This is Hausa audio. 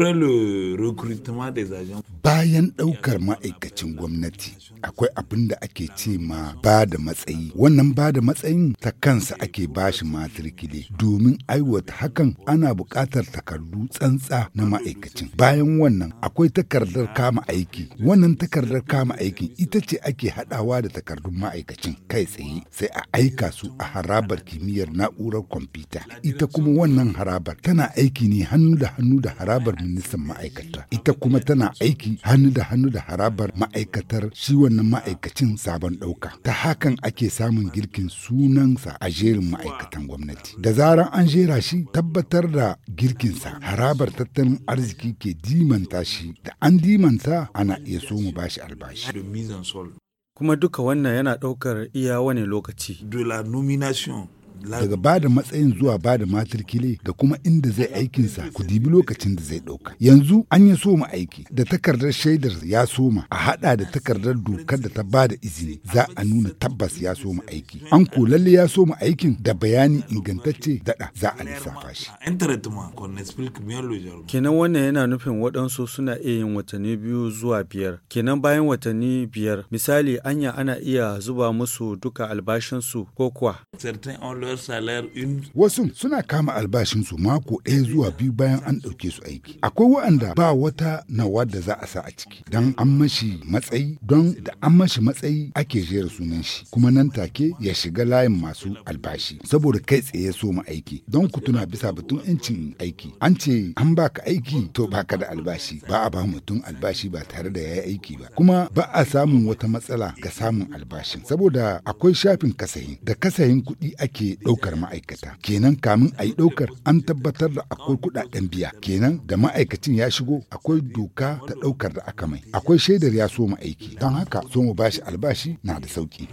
après le recrutement des agents bayan ɗaukar ma'aikacin gwamnati akwai abin da ake ce ma ba da matsayi wannan ba da matsayin ta kansa ake bashi matrikili. domin aiwata hakan ana buƙatar takardu tsantsa na ma'aikacin bayan wannan akwai takardar kama aiki wannan takardar kama aiki ita ce ake haɗawa da takardun ma'aikacin kai tsaye sai a aika su a harabar kimiyyar na'urar kwamfuta ita kuma wannan harabar tana aiki ne hannu da hannu da harabar ministan ma'aikata ita kuma tana aiki hannu da hannu da harabar ma'aikatar shi wannan ma'aikacin sabon ɗauka. Ta hakan ake samun girkin sunansa a jerin ma'aikatan gwamnati. Da zaran an jera shi tabbatar da girkinsa harabar tattalin arziki ke dimanta shi da an dimanta ana iya so mu bashi albashi. Kuma duka wannan yana ɗaukar iya wani lokaci. De la nomination daga ba da matsayin zuwa ba da matirkile da kuma inda zai aikinsa ku dibi lokacin da zai ɗauka yanzu an yi soma aiki da takardar shaidar ya soma a haɗa da takardar dokar da ta ba da izini za a nuna tabbas ya soma aiki an ko lalle ya soma aikin da bayani ingantacce daɗa za a lissafa shi kenan wannan yana nufin waɗansu suna iya yin watanni biyu zuwa biyar kenan bayan watanni biyar misali anya ana iya zuba musu duka albashinsu ko kuwa Wasu suna kama albashin su mako ɗaya zuwa biyu bayan an ɗauke su aiki. Akwai waɗanda ba wata nawa da za a sa a ciki don an mashi matsayi don da an mashi matsayi ake jera sunan shi kuma nan take ya shiga layin masu albashi saboda kai tsaye so mu aiki don ku tuna bisa batun yancin aiki an ce an baka aiki to baka da albashi ba a ba mutum albashi ba tare da yayi aiki ba kuma ba a samun wata matsala ga samun albashin saboda akwai shafin kasahin da kasahin kuɗi ake ɗaukar ma'aikata kenan kamin a yi ɗaukar an tabbatar da akwai kuɗaɗen biya kenan da ma'aikacin ya shigo akwai doka ta ɗaukar da aka mai akwai shaidar ya so aiki don haka so mu bashi albashi na da sauki